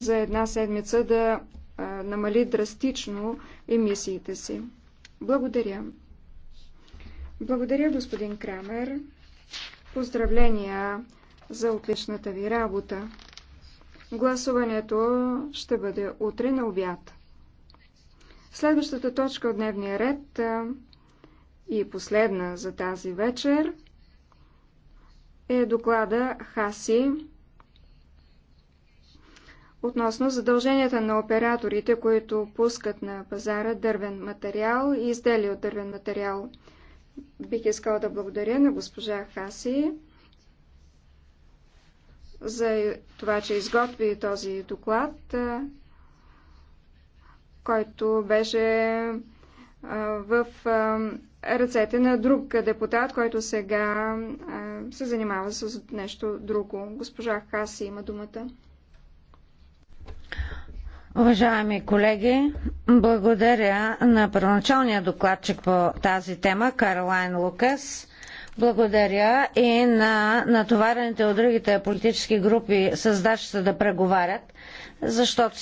за една седмица да намали драстично емисиите си. Благодаря. Благодаря, господин Крамер. Поздравления за отличната ви работа. Гласуването ще бъде утре на обяд. Следващата точка от дневния ред и последна за тази вечер е доклада Хаси относно задълженията на операторите, които пускат на пазара дървен материал и изделия от дървен материал. Бих искала да благодаря на госпожа Хаси за това, че изготви този доклад, който беше в ръцете на друг депутат, който сега се занимава с нещо друго. Госпожа Хаси има думата. Уважаеми колеги, благодаря на първоначалния докладчик по тази тема, Карлайн Лукас. Благодаря и на натоварените от другите политически групи с задачата да преговарят, защото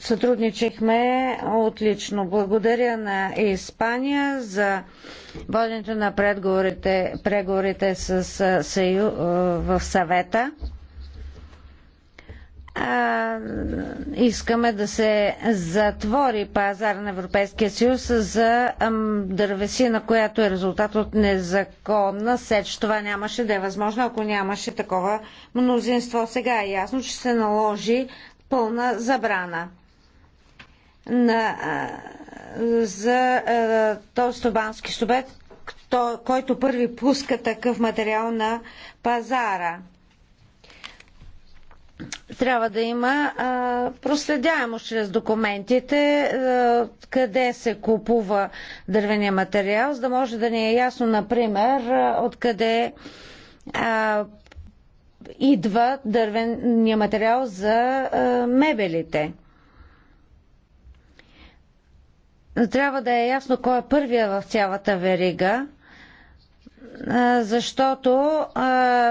сътрудничихме отлично. Благодаря на Испания за воденето на преговорите, преговорите с, съю, в съвета а, искаме да се затвори пазар на Европейския съюз за ам, дървесина, която е резултат от незаконна сеч. Това нямаше да е възможно, ако нямаше такова мнозинство. Сега е ясно, че се наложи пълна забрана на, а, за а, този стобански субект, който първи пуска такъв материал на пазара трябва да има проследяемост чрез документите, къде се купува дървения материал, за да може да ни е ясно, например, откъде идва дървения материал за мебелите. Трябва да е ясно кой е първия в цялата верига защото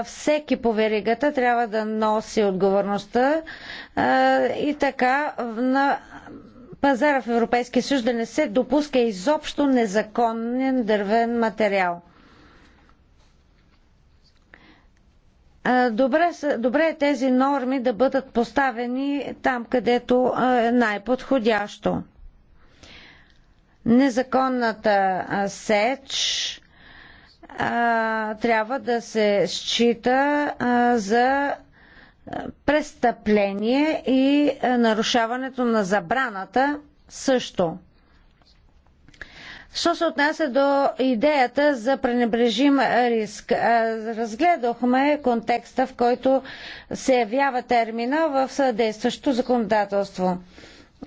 всеки по веригата трябва да носи отговорността и така на пазара в Европейския съюз да не се допуска изобщо незаконен дървен материал. Добре, добре е тези норми да бъдат поставени там, където е най-подходящо. Незаконната сеч а, трябва да се счита а, за престъпление и нарушаването на забраната също. Що се отнася до идеята за пренебрежим риск? Разгледахме контекста, в който се явява термина в съдействащо законодателство.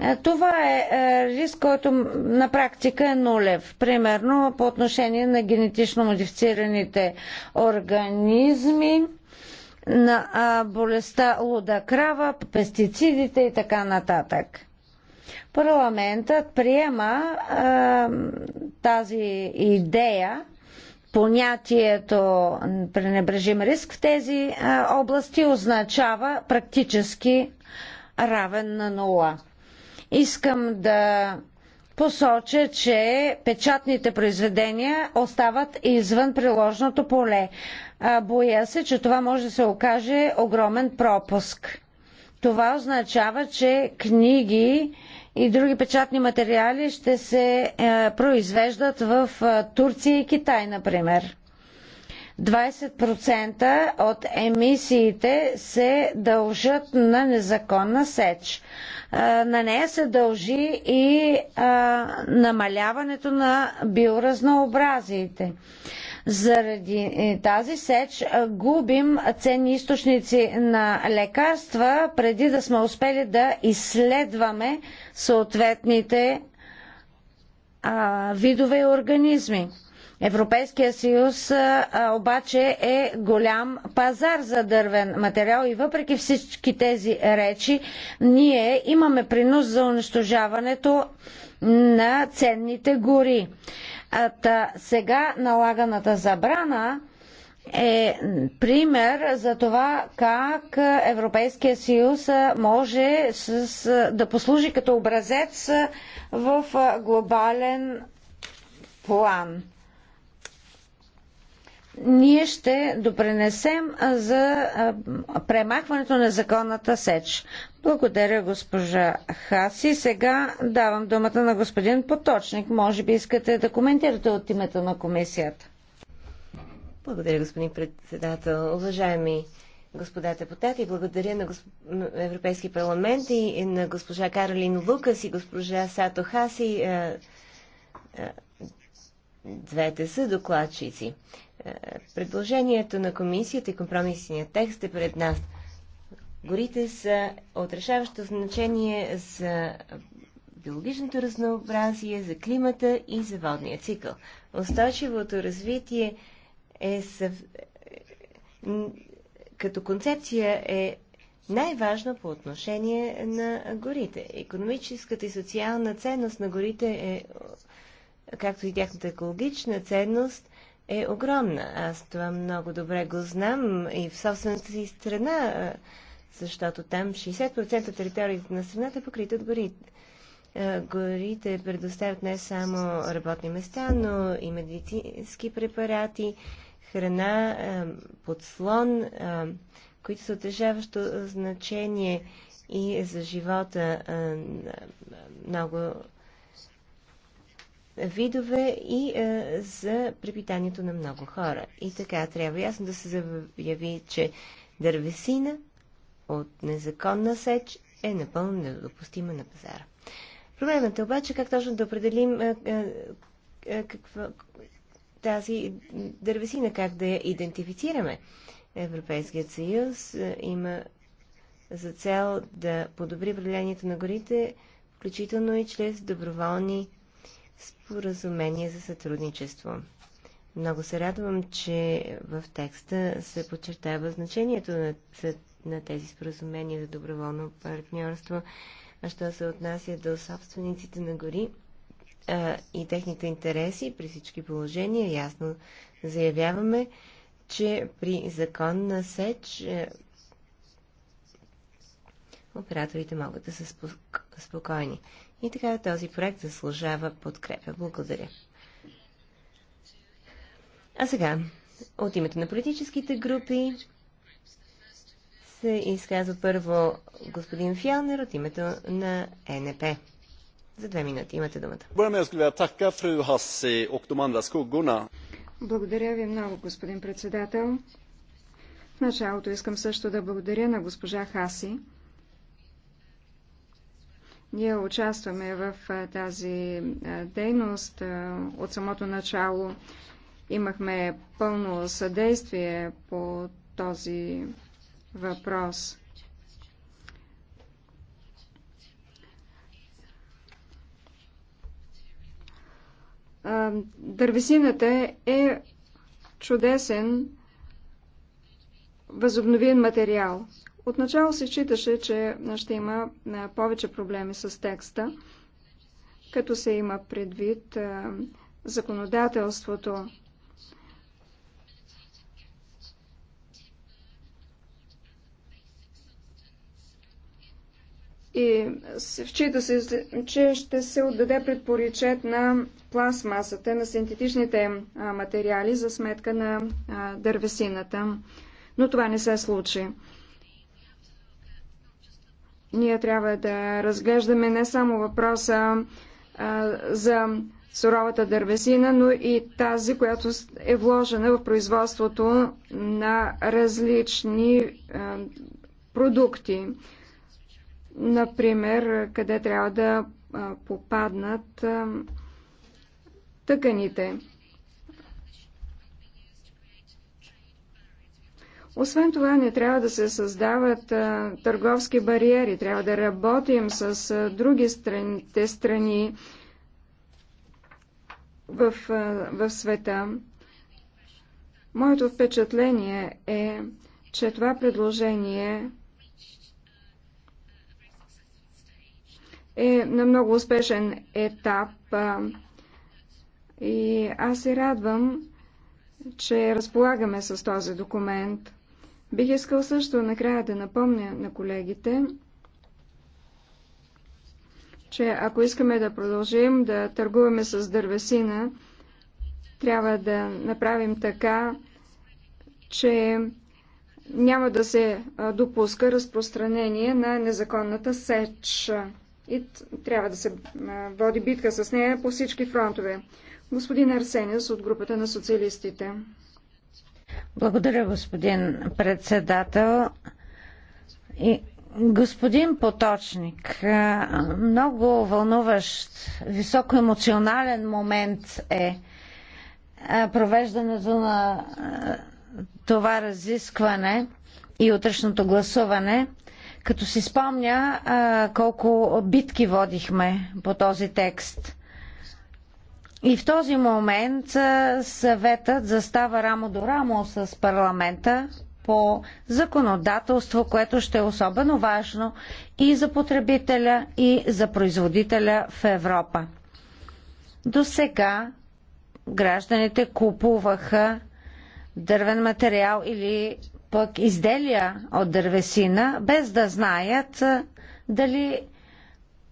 Е, това е, е риск, който на практика е нулев. Примерно по отношение на генетично модифицираните организми, на болестта луда крава, пестицидите и така нататък. Парламентът приема а, тази идея, понятието пренебрежим риск в тези а, области означава практически равен на нула. Искам да посоча, че печатните произведения остават извън приложното поле. Боя се, че това може да се окаже огромен пропуск. Това означава, че книги и други печатни материали ще се е, произвеждат в е, Турция и Китай, например. 20% от емисиите се дължат на незаконна сеч. На нея се дължи и намаляването на биоразнообразиите. Заради е, тази сеч губим ценни източници на лекарства, преди да сме успели да изследваме съответните видове и организми. Европейския съюз обаче е голям пазар за дървен материал и въпреки всички тези речи, ние имаме принос за унищожаването на ценните гори. Та сега налаганата забрана е пример за това как Европейския съюз може с, да послужи като образец в глобален план ние ще допренесем за премахването на законната сеч. Благодаря, госпожа Хаси. Сега давам думата на господин Поточник. Може би искате да коментирате от името на комисията. Благодаря, господин председател. Уважаеми господа депутати, благодаря на, на Европейски парламент и на госпожа Каролин Лукас и госпожа Сато Хаси. Е, е, двете са докладчици. Е, предложението на комисията и компромисният текст е пред нас. Горите са отрешаващо значение за биологичното разнообразие, за климата и за водния цикъл. Устойчивото развитие е съв... като концепция е най-важно по отношение на горите. Економическата и социална ценност на горите е, както и тяхната екологична ценност, е огромна. Аз това много добре го знам и в собствената си страна, защото там 60% от територията на страната е покрита от горите. Горите предоставят не само работни места, но и медицински препарати, храна, подслон, които са отежаващо значение и за живота много видове и а, е, за препитанието на много хора. И така трябва ясно да се заяви, че дървесина от незаконна сеч е напълно недопустима на пазара. Проблемът е обаче как точно да определим а, е, а, е, каква, тази дървесина, как да я идентифицираме. Европейският съюз има за цел да подобри управлението на горите, включително и чрез доброволни споразумение за сътрудничество. Много се радвам, че в текста се подчертава значението на, на тези споразумения за доброволно партньорство, а що се отнася до собствениците на гори а, и техните интереси при всички положения. Ясно заявяваме, че при законна сеч е, операторите могат да са спокойни. И така този проект заслужава подкрепа. Благодаря. А сега, от името на политическите групи се изказва първо господин Фялнер от името на НП. За две минути имате думата. Благодаря ви много, господин председател. В началото искам също да благодаря на госпожа Хаси ние участваме в тази дейност от самото начало. Имахме пълно съдействие по този въпрос. Дървесината е чудесен възобновен материал. Отначало се считаше, че ще има повече проблеми с текста, като се има предвид законодателството. И счита се, че ще се отдаде предпоричет на пластмасата, на синтетичните материали за сметка на дървесината. Но това не се случи. Ние трябва да разглеждаме не само въпроса а, за суровата дървесина, но и тази, която е вложена в производството на различни а, продукти. Например, къде трябва да попаднат а, тъканите. Освен това, не трябва да се създават а, търговски бариери, трябва да работим с а, други страните страни в, а, в света. Моето впечатление е, че това предложение е на много успешен етап а, и аз се радвам, че разполагаме с този документ. Бих искал също накрая да напомня на колегите, че ако искаме да продължим да търгуваме с дървесина, трябва да направим така, че няма да се допуска разпространение на незаконната сеч. И трябва да се води битка с нея по всички фронтове. Господин Арсениус от групата на социалистите. Благодаря, господин председател. И господин Поточник, много вълнуващ, високо емоционален момент е провеждането на това разискване и утрешното гласуване, като си спомня колко битки водихме по този текст. И в този момент съветът застава рамо до рамо с парламента по законодателство, което ще е особено важно и за потребителя, и за производителя в Европа. До сега гражданите купуваха дървен материал или пък изделия от дървесина, без да знаят дали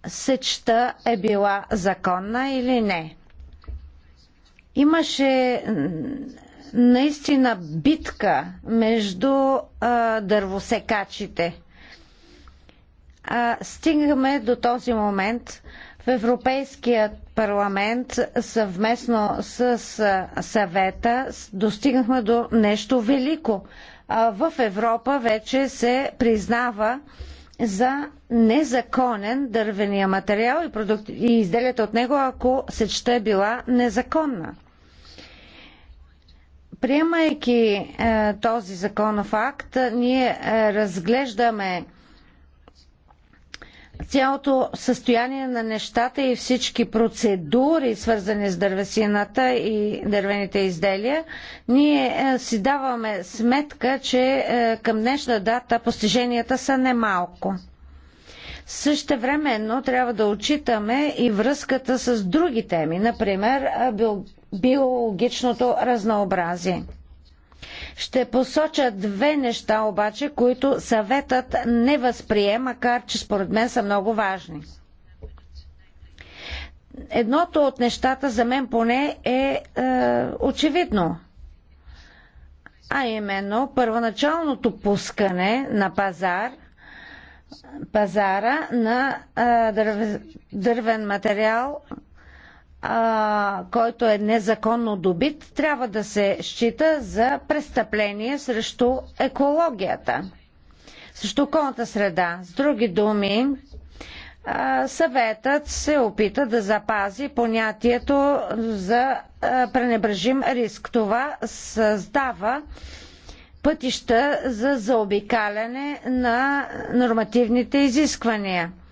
сечта е била законна или не. Имаше наистина битка между а, дървосекачите. А, стигаме до този момент в Европейският парламент съвместно с съвета достигнахме до нещо велико. А, в Европа вече се признава за незаконен дървения материал и, продукти, и изделията от него, ако сечта е била незаконна. Приемайки е, този законов акт, ние е, разглеждаме цялото състояние на нещата и всички процедури, свързани с дървесината и дървените изделия, ние е, си даваме сметка, че е, към днешна дата постиженията са немалко. Същевременно трябва да отчитаме и връзката с други теми, например е, биологичното разнообразие. Ще посоча две неща обаче, които съветът не възприе, макар че според мен са много важни. Едното от нещата за мен поне е, е очевидно. А именно първоначалното пускане на пазар пазара на е, дърв, дървен материал а, който е незаконно добит, трябва да се счита за престъпление срещу екологията, срещу околната среда. С други думи, а, съветът се опита да запази понятието за а, пренебрежим риск. Това създава пътища за заобикаляне на нормативните изисквания –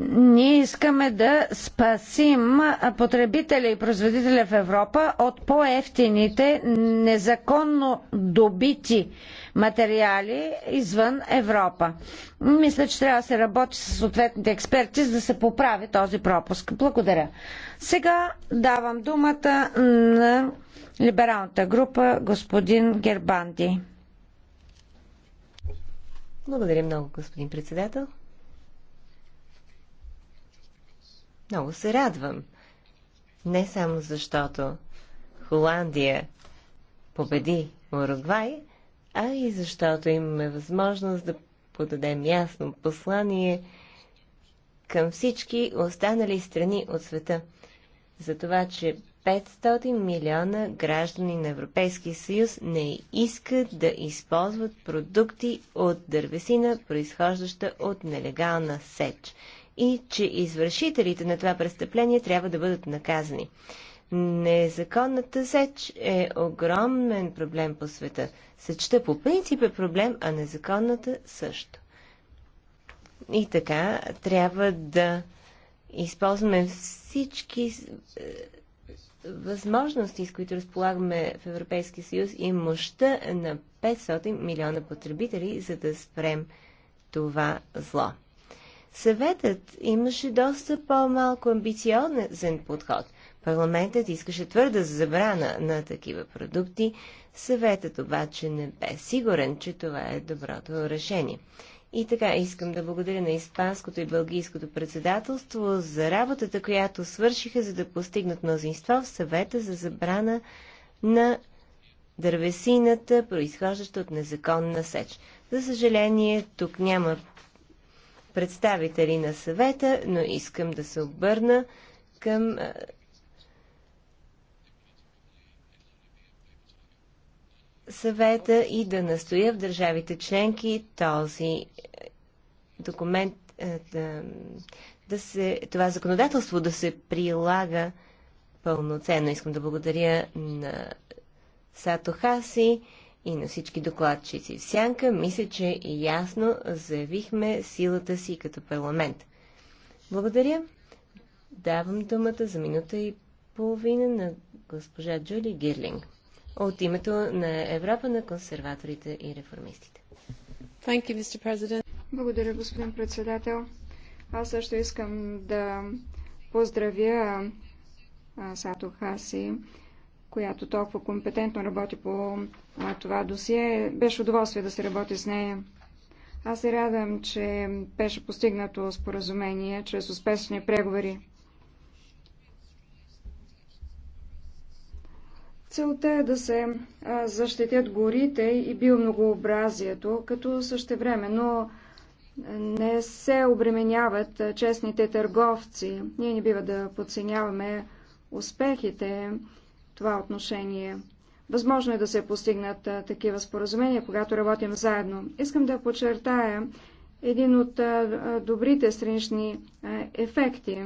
ние искаме да спасим потребителя и производителя в Европа от по-ефтините, незаконно добити материали извън Европа. Мисля, че трябва да се работи с съответните експерти, за да се поправи този пропуск. Благодаря. Сега давам думата на либералната група господин Гербанди. Благодаря много, господин председател. Много се радвам. Не само защото Холандия победи Уругвай, а и защото имаме възможност да подадем ясно послание към всички останали страни от света за това, че 500 милиона граждани на Европейския съюз не искат да използват продукти от дървесина, произхождаща от нелегална сеч и че извършителите на това престъпление трябва да бъдат наказани. Незаконната сеч е огромен проблем по света. Сечта по принцип е проблем, а незаконната също. И така, трябва да използваме всички е, възможности, с които разполагаме в Европейския съюз и мощта на 500 милиона потребители, за да спрем това зло. Съветът имаше доста по-малко амбициозен подход. Парламентът искаше твърда забрана на такива продукти, съветът обаче не бе сигурен, че това е доброто решение. И така искам да благодаря на Испанското и Бългийското председателство за работата, която свършиха, за да постигнат мнозинство в съвета за забрана на дървесината, произхождаща от незаконна сеч. За съжаление, тук няма представители на съвета, но искам да се обърна към съвета и да настоя в държавите членки този е, документ, е, да, да се, това законодателство да се прилага пълноценно. Искам да благодаря на Сато Хаси и на всички докладчици в Сянка, мисля, че ясно заявихме силата си като парламент. Благодаря. Давам думата за минута и половина на госпожа Джули Гирлинг от името на Европа на консерваторите и реформистите. You, Благодаря, господин председател. Аз също искам да поздравя Сато Хаси която толкова компетентно работи по това досие. Беше удоволствие да се работи с нея. Аз се радвам, че беше постигнато споразумение чрез успешни преговори. Целта е да се защитят горите и биомногообразието, като но не се обременяват честните търговци. Ние не бива да подценяваме успехите това отношение. Възможно е да се постигнат а, такива споразумения, когато работим заедно. Искам да подчертая един от а, добрите странични а, ефекти.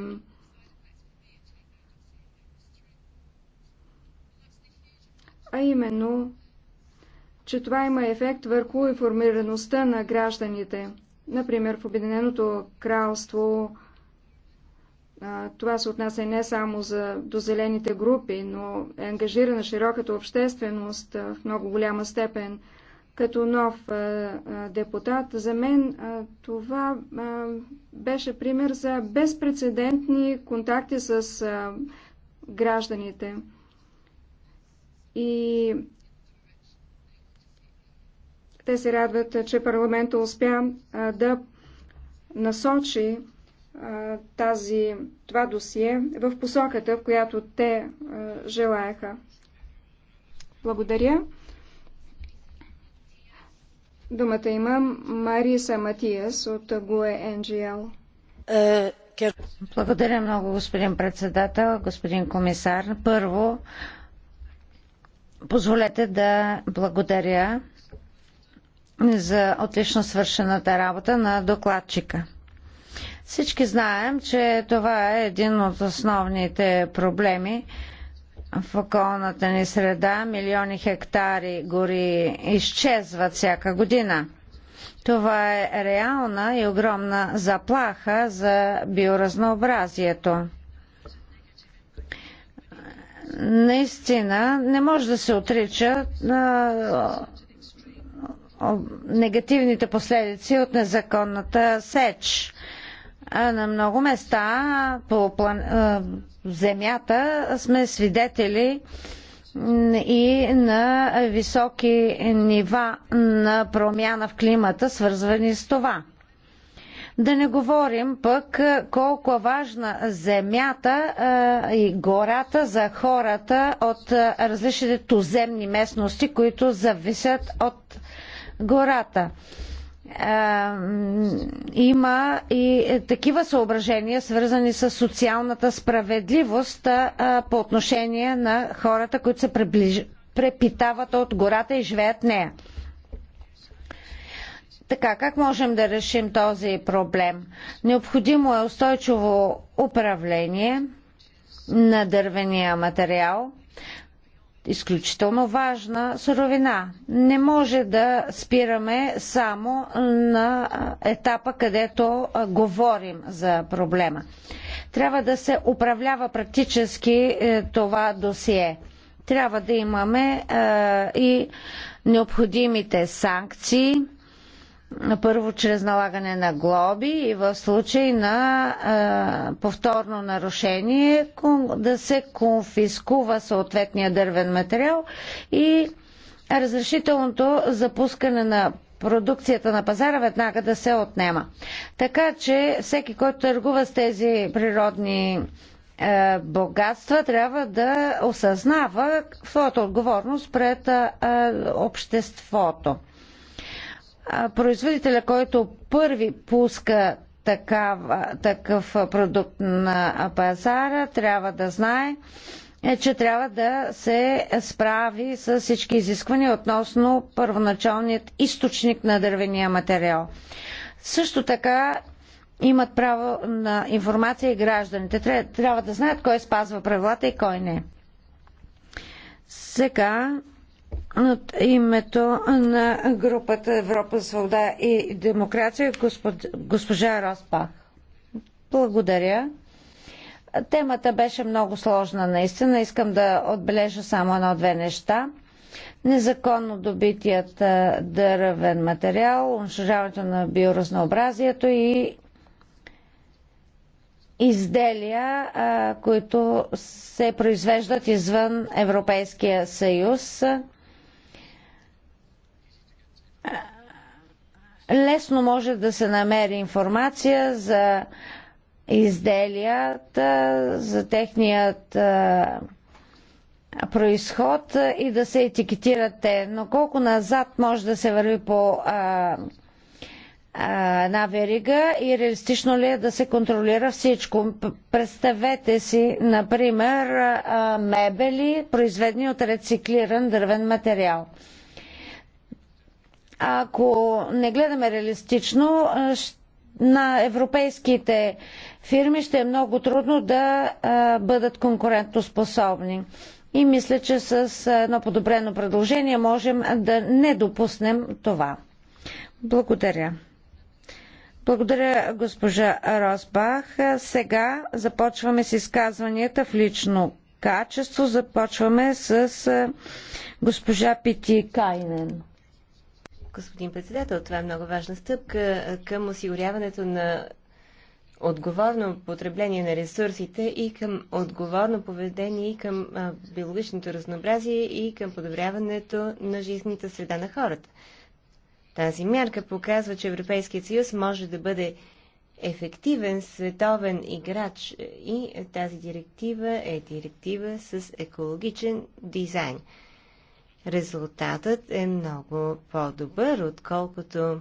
А именно, че това има ефект върху информираността на гражданите. Например, в Обединеното кралство това се отнася не само за, до зелените групи, но е ангажирана широката общественост в много голяма степен. Като нов депутат, за мен това беше пример за безпредседентни контакти с гражданите. И те се радват, че парламента успя да насочи тази, това досие в посоката, в която те желаяха. Благодаря. Думата има Мариса Матиас от ГУЕ НГЛ. Е, благодаря много, господин председател, господин комисар. Първо, позволете да благодаря за отлично свършената работа на докладчика. Всички знаем, че това е един от основните проблеми в околната ни среда. Милиони хектари гори изчезват всяка година. Това е реална и огромна заплаха за биоразнообразието. Наистина не може да се отрича негативните последици от незаконната сеч на много места по план... земята сме свидетели и на високи нива на промяна в климата, свързвани с това. Да не говорим пък колко важна земята и гората за хората от различните туземни местности, които зависят от гората има и такива съображения, свързани с социалната справедливост по отношение на хората, които се приближ... препитават от гората и живеят нея. Така, как можем да решим този проблем? Необходимо е устойчиво управление на дървения материал, изключително важна суровина. Не може да спираме само на етапа, където говорим за проблема. Трябва да се управлява практически е, това досие. Трябва да имаме е, и необходимите санкции, първо, чрез налагане на глоби и в случай на а, повторно нарушение да се конфискува съответния дървен материал и разрешителното запускане на продукцията на пазара веднага да се отнема. Така че всеки, който търгува с тези природни е, богатства, трябва да осъзнава своята отговорност пред е, обществото производителя, който първи пуска такава, такъв продукт на пазара, трябва да знае, е, че трябва да се справи с всички изисквания относно първоначалният източник на дървения материал. Също така имат право на информация и гражданите. Трябва да знаят кой спазва правилата и кой не. Сега от името на групата Европа, свобода и демокрация, господ... госпожа Роспах. Благодаря. Темата беше много сложна, наистина. Искам да отбележа само едно-две неща. Незаконно добитият дървен материал, унищожаването на биоразнообразието и изделия, които се произвеждат извън Европейския съюз лесно може да се намери информация за изделията, за техният происход и да се етикетират те. Но колко назад може да се върви по а, а, една верига и реалистично ли е да се контролира всичко? Представете си, например, а, мебели, произведени от рециклиран дървен материал. Ако не гледаме реалистично, на европейските фирми ще е много трудно да бъдат конкурентоспособни. И мисля, че с едно подобрено предложение можем да не допуснем това. Благодаря. Благодаря, госпожа Росбах. Сега започваме с изказванията в лично качество. Започваме с госпожа Пити Кайнен господин председател. Това е много важна стъпка към осигуряването на отговорно потребление на ресурсите и към отговорно поведение и към биологичното разнообразие и към подобряването на жизнената среда на хората. Тази мярка показва, че Европейският съюз може да бъде ефективен световен играч и тази директива е директива с екологичен дизайн резултатът е много по-добър, отколкото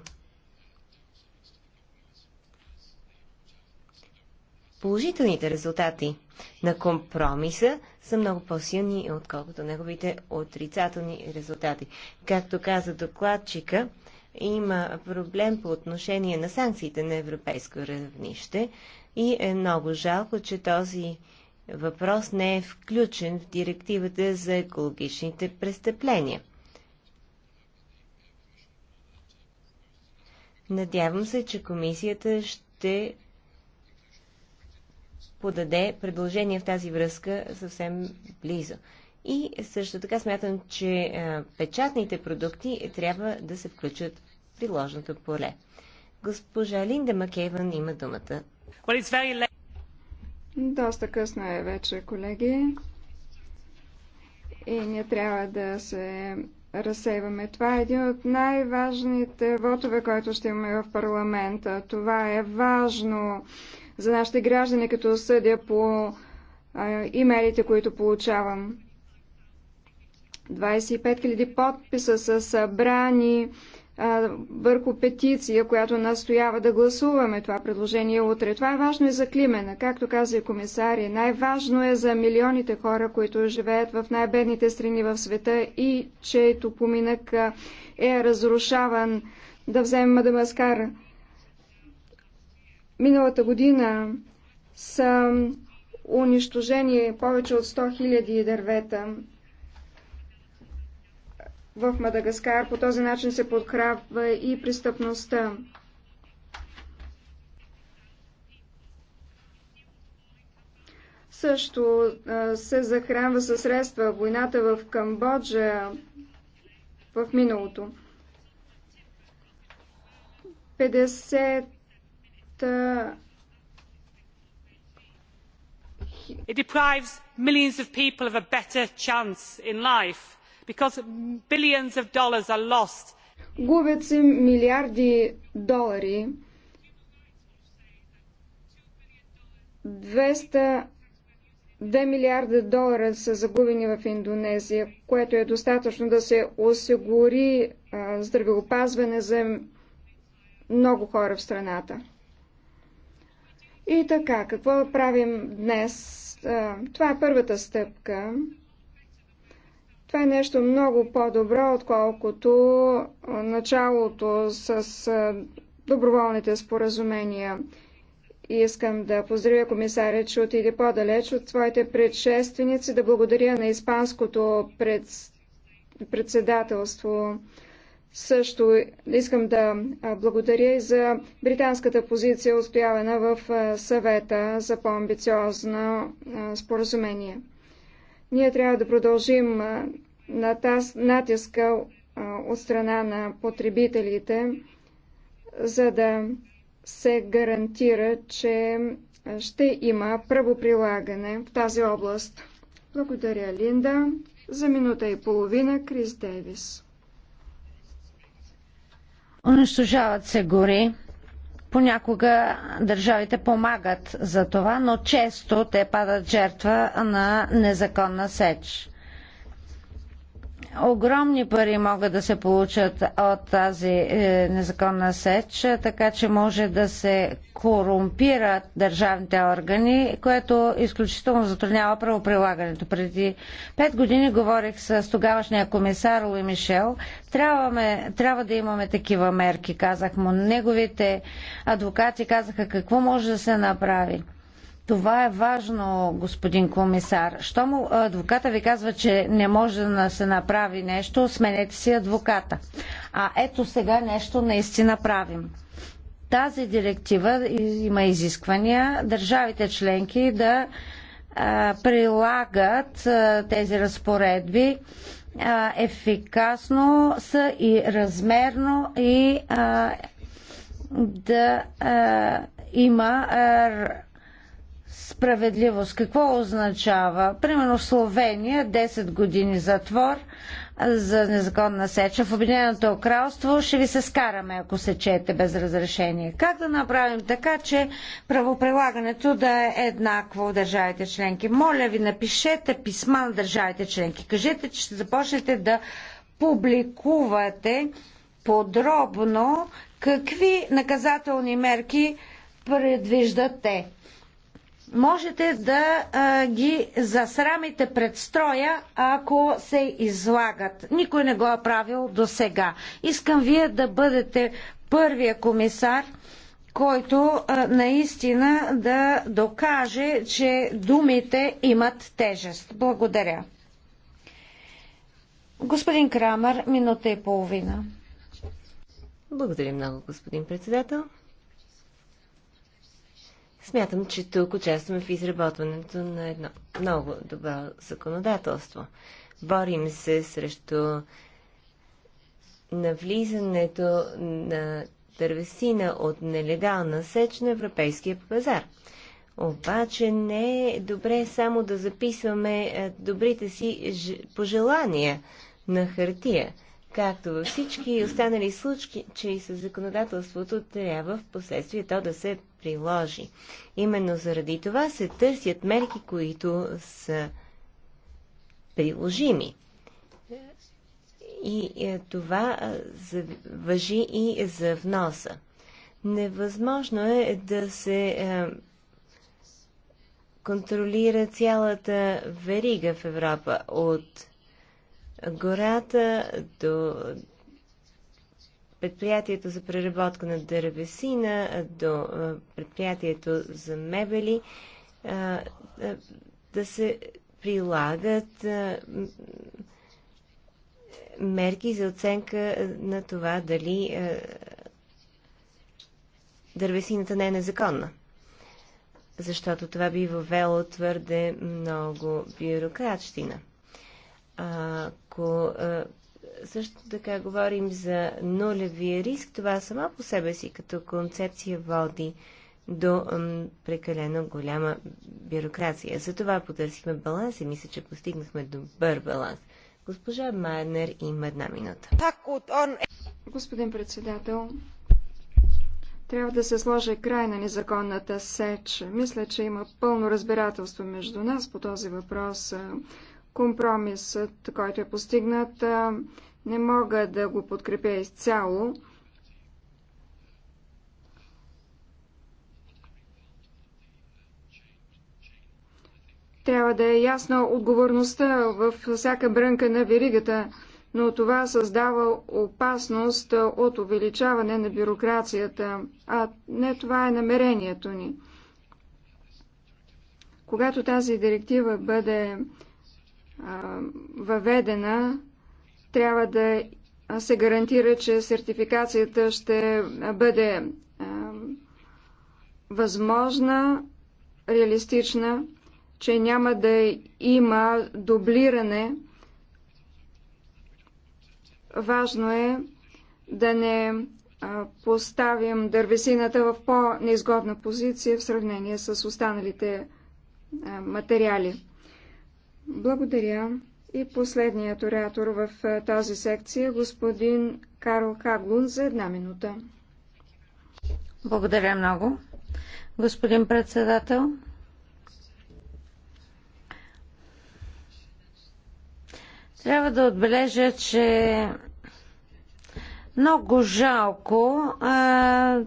положителните резултати на компромиса са много по-силни, отколкото неговите отрицателни резултати. Както каза докладчика, има проблем по отношение на санкциите на европейско равнище и е много жалко, че този въпрос не е включен в директивата за екологичните престъпления. Надявам се, че комисията ще подаде предложение в тази връзка съвсем близо. И също така смятам, че печатните продукти трябва да се включат в приложното поле. Госпожа Линда Макеван има думата. Доста късно е вече, колеги. И не трябва да се разсейваме. Това е един от най-важните вотове, който ще имаме в парламента. Това е важно за нашите граждани, като съдя по имейлите, които получавам. 25 000 подписа са събрани върху петиция, която настоява да гласуваме това предложение утре. Това е важно и за Климена, както каза и комисари, Най-важно е за милионите хора, които живеят в най-бедните страни в света и чието поминък е разрушаван. Да вземем Мадамаскар. Миналата година са унищожени повече от 100 000 дървета в Мадагаскар. По този начин се подкрава и престъпността. Също се захранва със средства войната в Камбоджа в миналото. 50 It deprives millions of people of a better chance in life because billions of dollars are lost. Губят се милиарди долари. 200 2 милиарда долара са загубени в Индонезия, което е достатъчно да се осигури а, здравеопазване за много хора в страната. И така, какво правим днес? А, това е първата стъпка. Това е нещо много по-добро, отколкото началото с доброволните споразумения. И искам да поздравя комисаря, че отиде по-далеч от своите предшественици, да благодаря на испанското пред... председателство. Също искам да благодаря и за британската позиция, устоявана в съвета за по-амбициозно споразумение. Ние трябва да продължим натиска от страна на потребителите, за да се гарантира, че ще има правоприлагане в тази област. Благодаря, Линда. За минута и половина Крис Дейвис. Унищожават се гори, Понякога държавите помагат за това, но често те падат жертва на незаконна сеч. Огромни пари могат да се получат от тази е, незаконна сеч, така че може да се корумпират държавните органи, което изключително затруднява правоприлагането. Преди пет години говорих с тогавашния комисар Луи Мишел. Трябваме, трябва да имаме такива мерки, казах му. Неговите адвокати казаха какво може да се направи. Това е важно, господин комисар. Щом адвоката ви казва, че не може да се направи нещо, сменете си адвоката. А ето сега нещо наистина правим. Тази директива има изисквания държавите членки да а, прилагат а, тези разпоредби а, ефикасно, са и размерно и да има справедливост. Какво означава? Примерно в Словения 10 години затвор за незаконна сеча. В Обединеното кралство ще ви се скараме, ако сечете без разрешение. Как да направим така, че правоприлагането да е еднакво в държавите членки? Моля ви, напишете писма на държавите членки. Кажете, че ще започнете да публикувате подробно какви наказателни мерки предвиждат те можете да а, ги засрамите пред строя, ако се излагат. Никой не го е правил до сега. Искам вие да бъдете първия комисар, който а, наистина да докаже, че думите имат тежест. Благодаря. Господин Крамер, минута и половина. Благодаря много, господин председател. Смятам, че тук участваме в изработването на едно много добро законодателство. Борим се срещу навлизането на дървесина от нелегална сеч на европейския пазар. Обаче не е добре само да записваме е, добрите си пожелания на хартия. Както във всички останали случаи, че и с законодателството трябва в последствие то да се приложи. Именно заради това се търсят мерки, които са приложими. И е, това въжи и за вноса. Невъзможно е да се е, контролира цялата верига в Европа от гората до предприятието за преработка на дървесина до предприятието за мебели да се прилагат мерки за оценка на това дали дървесината не е незаконна. Защото това би въвело твърде много бюрократщина. Ако също така говорим за нулевия риск. Това само по себе си като концепция води до прекалено голяма бюрокрация. Затова потърсихме баланс и мисля, че постигнахме добър баланс. Госпожа Майнер има една минута. Господин председател, трябва да се сложи край на незаконната сеч. Мисля, че има пълно разбирателство между нас по този въпрос. Компромисът, който е постигнат, не мога да го подкрепя изцяло. Трябва да е ясна отговорността във всяка брънка на веригата, но това създава опасност от увеличаване на бюрокрацията, а не това е намерението ни. Когато тази директива бъде а, въведена, трябва да се гарантира, че сертификацията ще бъде възможна, реалистична, че няма да има дублиране. Важно е да не поставим дървесината в по-неизгодна позиция в сравнение с останалите материали. Благодаря. И последният оратор в тази секция, господин Карл Хаглун, за една минута. Благодаря много. Господин председател, трябва да отбележа, че много жалко,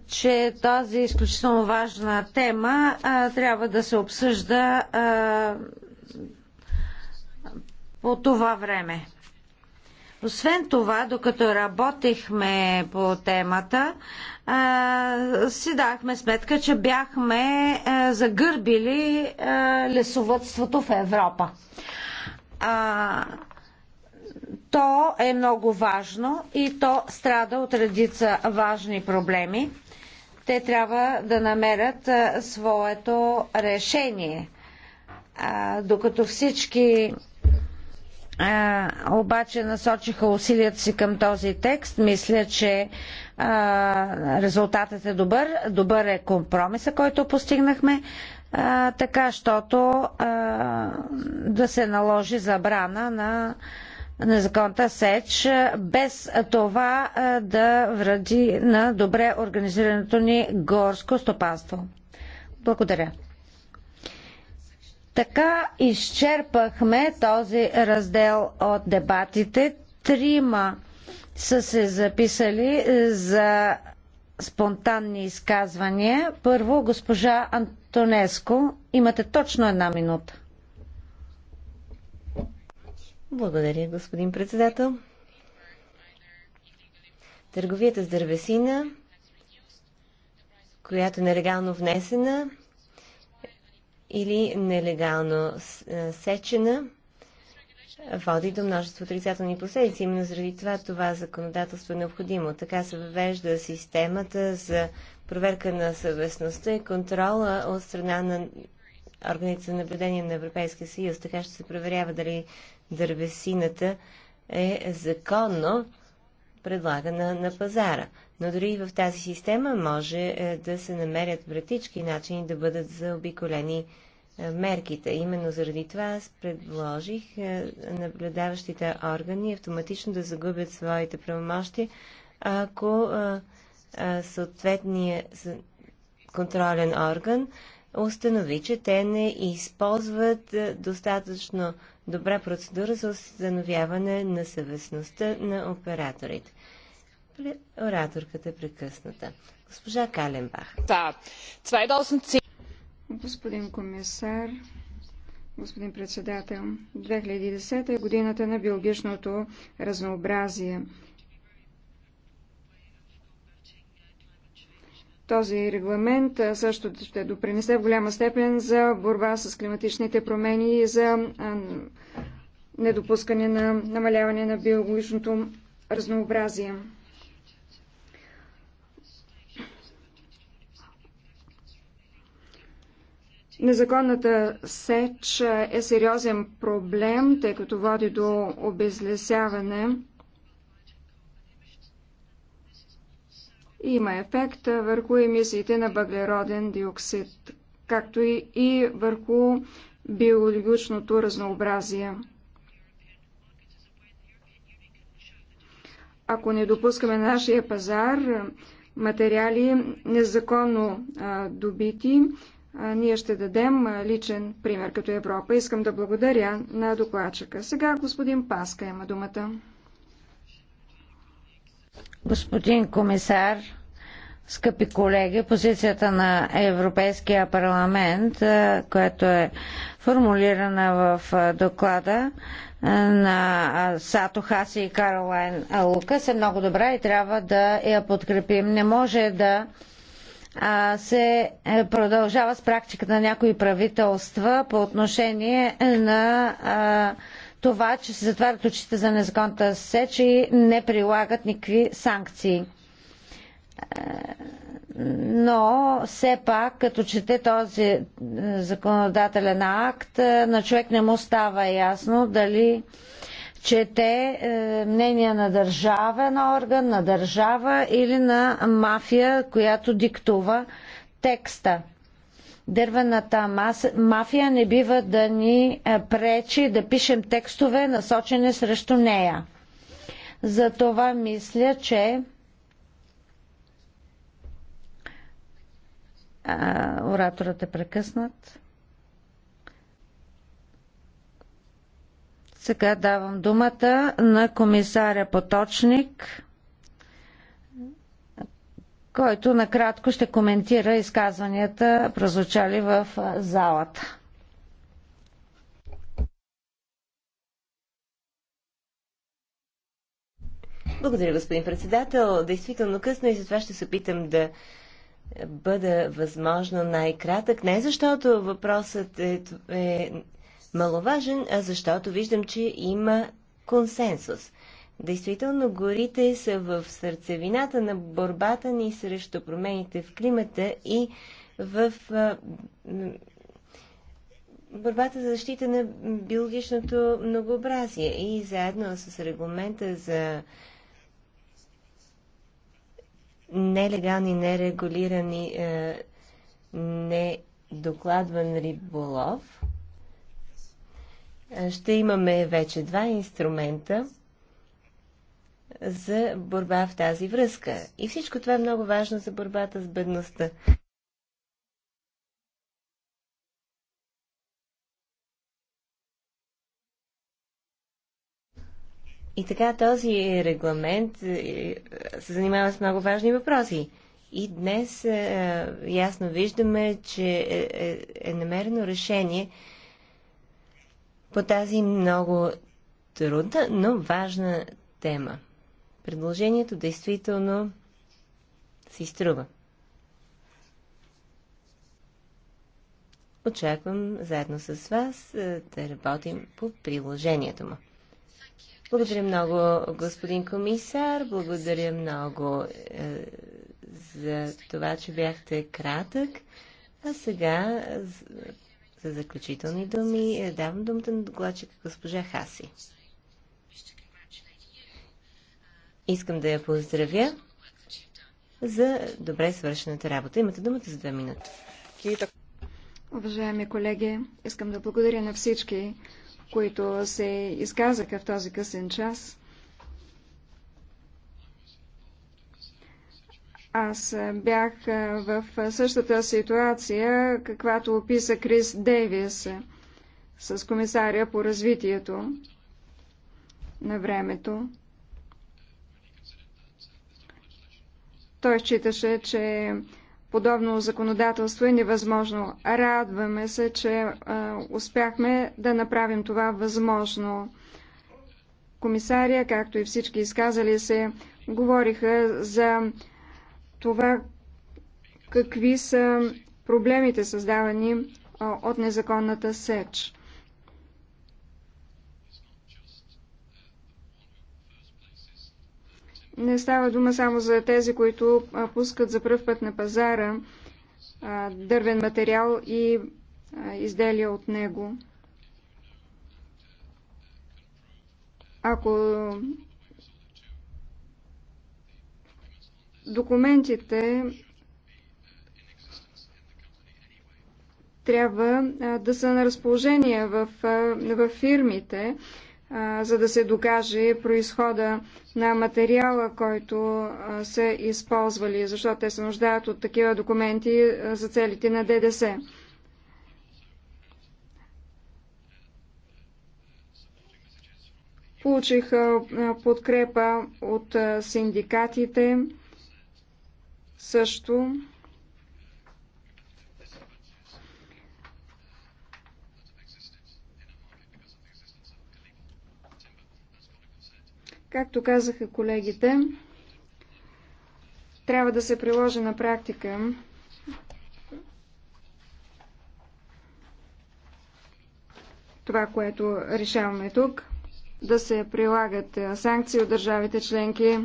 че тази изключително важна тема трябва да се обсъжда по това време. Освен това, докато работихме по темата, си дахме сметка, че бяхме загърбили лесовътството в Европа. То е много важно и то страда от редица важни проблеми. Те трябва да намерят своето решение. Докато всички а, обаче насочиха усилията си към този текст. Мисля, че а, резултатът е добър. Добър е компромиса, който постигнахме, а, така, щото а, да се наложи забрана на незаконната сеч, без това а, да вреди на добре организираното ни горско стопанство. Благодаря. Така изчерпахме този раздел от дебатите. Трима са се записали за спонтанни изказвания. Първо, госпожа Антонеско, имате точно една минута. Благодаря, господин председател. Търговията с дървесина, която е нелегално внесена, или нелегално е, сечена води до множество отрицателни последици. Именно заради това това законодателство е необходимо. Така се въвежда системата за проверка на съвестността и контрола от страна на органите за наблюдение на Европейския съюз. Така ще се проверява дали дървесината е законно предлагана на пазара. Но дори и в тази система може е, да се намерят вратички начини да бъдат заобиколени е, мерките. Именно заради това аз предложих е, наблюдаващите органи автоматично да загубят своите правомощи, ако е, съответният контролен орган установи, че те не използват достатъчно добра процедура за установяване на съвестността на операторите. Ораторката е прекъсната. Госпожа Каленбах. Господин комисар, господин председател, 2010 е годината на биологичното разнообразие. Този регламент също ще допринесе в голяма степен за борба с климатичните промени и за недопускане на намаляване на биологичното разнообразие. Незаконната сеч е сериозен проблем, тъй като води до обезлесяване. Има ефект върху емисиите на въглероден диоксид, както и върху биологичното разнообразие. Ако не допускаме на нашия пазар материали незаконно добити, ние ще дадем личен пример като Европа. Искам да благодаря на докладчика. Сега господин Паска има думата. Господин комисар, скъпи колеги, позицията на Европейския парламент, която е формулирана в доклада на Сато Хаси и Каролайн Лукас е много добра и трябва да я подкрепим. Не може да се е, продължава с практиката на някои правителства по отношение на това, че се затварят очите за незаконната сеч и не прилагат никакви санкции. Но все пак, като чете този е, законодателен акт, е, на човек не му става ясно дали чете е, мнение на държавен орган, на държава или на мафия, която диктува текста. Дървената маса, мафия не бива да ни е, пречи да пишем текстове, насочени срещу нея. Затова мисля, че а, е, ораторът е прекъснат. Сега давам думата на комисаря Поточник, който накратко ще коментира изказванията, прозвучали в залата. Благодаря, господин председател. Действително късно и затова ще се опитам да бъда възможно най-кратък. Не защото въпросът е, е маловажен, а защото виждам, че има консенсус. Действително, горите са в сърцевината на борбата ни срещу промените в климата и в борбата за защита на биологичното многообразие. И заедно с регламента за нелегални, нерегулирани, недокладван риболов, ще имаме вече два инструмента за борба в тази връзка. И всичко това е много важно за борбата с бедността. И така този регламент е, се занимава с много важни въпроси. И днес е, ясно виждаме, че е, е намерено решение по тази много трудна, но важна тема. Предложението действително си изтрува. Очаквам заедно с вас е, да работим по приложението му. Благодаря много, господин комисар. Благодаря много е, за това, че бяхте кратък. А сега за заключителни думи е, давам думата на докладчика госпожа Хаси. Искам да я поздравя за добре свършената работа. Имате думата за две минути. Уважаеми колеги, искам да благодаря на всички, които се изказаха в този късен час. Аз е, бях е, в същата ситуация, каквато описа Крис Дейвис е, с комисаря по развитието на времето. Той считаше, че подобно законодателство е невъзможно. Радваме се, че а, успяхме да направим това възможно. Комисария, както и всички изказали се, говориха за това какви са проблемите създавани от незаконната сеч. Не става дума само за тези, които пускат за пръв път на пазара дървен материал и изделия от него. Ако документите трябва да са на разположение в, в фирмите, за да се докаже происхода на материала, който са използвали, защото те се нуждаят от такива документи за целите на ДДС. Получих подкрепа от синдикатите също Както казаха колегите, трябва да се приложи на практика това, което решаваме тук, да се прилагат санкции от държавите членки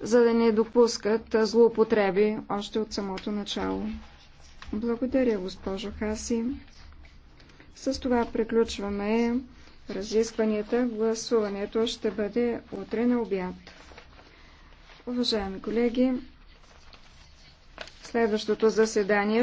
за да не допускат злоупотреби още от самото начало. Благодаря, госпожо Хаси. С това приключваме разискванията. Гласуването ще бъде утре на обяд. Уважаеми колеги, следващото заседание